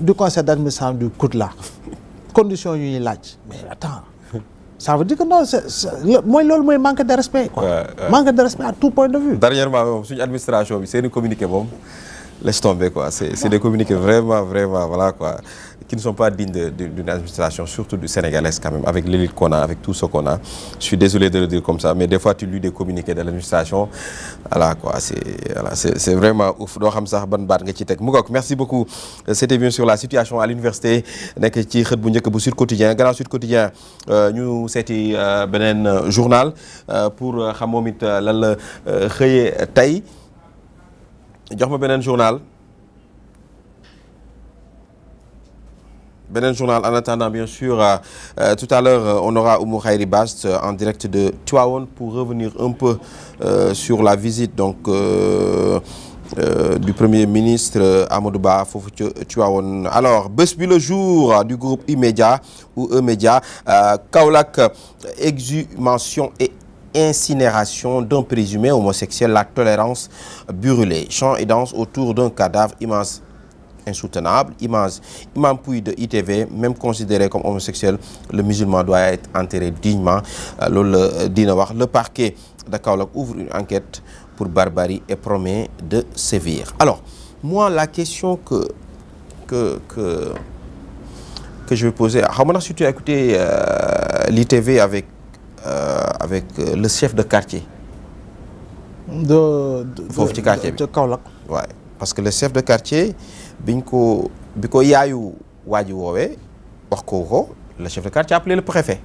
du conseil d'administration du Là. condition yu ñuy laaj mais attends ça veut dire que non moi, moi manque de respect manque de respect à tout point de vue dernièrement je suis administration c'est un communiqué laisse tomber quoi c'est c'est des communiqués vraiment vraiment voilà quoi qui ne sont pas dignes d'une administration, surtout du sénégalaise quand même, avec l'élite qu'on a, avec tout ce qu'on a. Je suis désolé de le dire comme ça, mais des fois tu lis des communiqués de l'administration, voilà quoi, c'est vraiment ouf. Merci beaucoup. C'était bien sur la situation à l'université, nekk ci sur bu bu Sud Quotidien gannaaw Sud Quotidien euh, ñu seeti euh, Benen euh, journal pour xam ce it lan la aujourd'hui. Nous jox ma journal Benin journal en attendant bien sûr euh, euh, tout à l'heure euh, on aura Oumou Khairi Bast en direct de Tuaon pour revenir un peu sur la visite donc du Premier ministre Amadou Ba Tuaon. alors depuis le jour du groupe e ou E-Média exhumation et incinération d'un présumé homosexuel la tolérance brûlée chant et danse autour d'un cadavre immense insoutenable. Image, Imam Pouy de ITV, même considéré comme homosexuel, le musulman doit être enterré dignement. Euh, euh, le parquet de Kaolok ouvre une enquête pour barbarie et promet de sévir. Alors, moi, la question que, que, que, je vais poser, Ramona, ah, si tu as écouté euh, l'ITV avec, avec le chef de quartier, de, de, parce que le chef de quartier, Binko, Biko, yaayu waa wowe wax ko ko le chef de quartier a appelé le préfet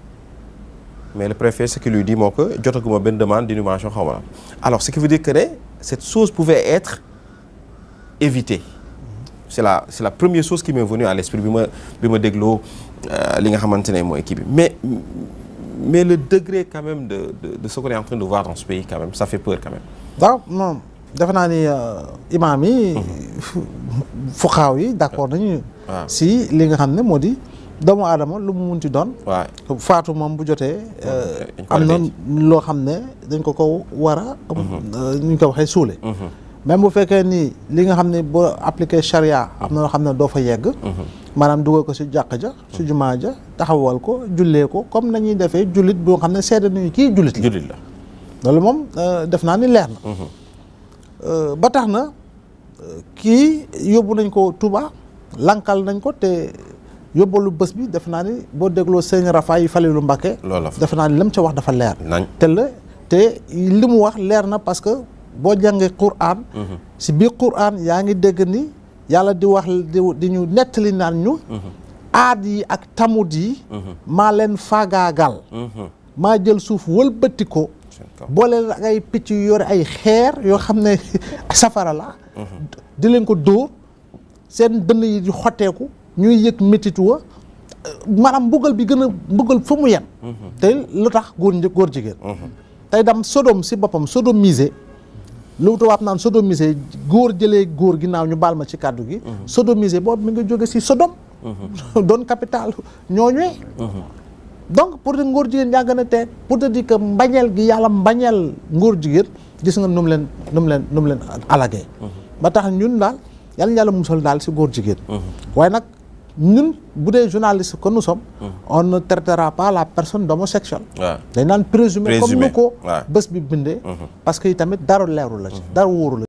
mais le préfet ce qui lui dit moko que jotaguma benn demande d'inhumation xaw alors ce qui veut dire que cette chose pouvait être évitée c'est la c'est la première chose qui m'est venue à l'esprit puis ma bi ma euh, li nga xamantene ne équipe mais mais le degré quand même de de de ce qu'on est en train de voir dans ce pays quand même ça fait peur quand même. Non, non. defe naa ni euh, imaam yi. Mhm. fuqaaw yi d' accord nañu. si li nga xam ne moo di doomu aadama lu mu munti doon. faatu moom bu jotee. Euh, am na loo xam ne dañ ko ko wara a. Mhm. Euh, ni ko waxee suule. Mhm. même bu fekkee ni li nga xam ne boo appliqué charia. am na loo xam ne doo fa yegg. maanaam dugal ko si jàkka ja si jumaa ja taxawal ko jullee ko comme nañuy defee jullit boo xam ne seede nañu kii jullit la. loolu moom def naa ni leer na. Euh, ba tax na euh, kii yóbbu nañ ko Touba lankal nañ ko te yóbbalu bés bi def naa ni boo dégloo sëñ Rafa yi Falilu Mbàkke def naa ni lam ca wax dafa leer te la te li mu wax leer na parce que boo jàngee Qur'an mhm. si biir Qur'an yaa ngi dégg ni yàlla di wax di ñu nettali naan ñu mhm. aad yi ak tamut yi mhm. maa leen faagaagal maa jël suuf wëlbati ko boole la ay picc yu yore ay xeer yoo xam ne safara la di leen ko dóor seen dënn yi di xotteeku ñuy yëg métit wa maanaam mbugal bi gën a mbugal fa mu yen te lu tax góor góor jigéen tey dam sodom si boppam sodomisé lu tubaab naan sodomisé góor jëlee góor ginnaaw ñu baal ma ci kàddu gi mhm. sodomisé boobu mi nga jóge si sodom mhm. doon capital ñooñee mhm. donc pour di ngóor jigéen yàgg na te pour te dire que mbañeel gi yàlla mbañeel ngóor jigéen gis nga nu leen nu leen nu mu leen alagee mhm. ba tax ñun daal yàlla yàlla musal daal si góor jigéen mhm. waaye nag ñun bu dee journaliste que nous sommes mhm. on ne traitera pas la personne d'homosexuel dañ naan présumé comme nu ko bés bi bindee parce que i tamit dara leeru la ci dara wóoru la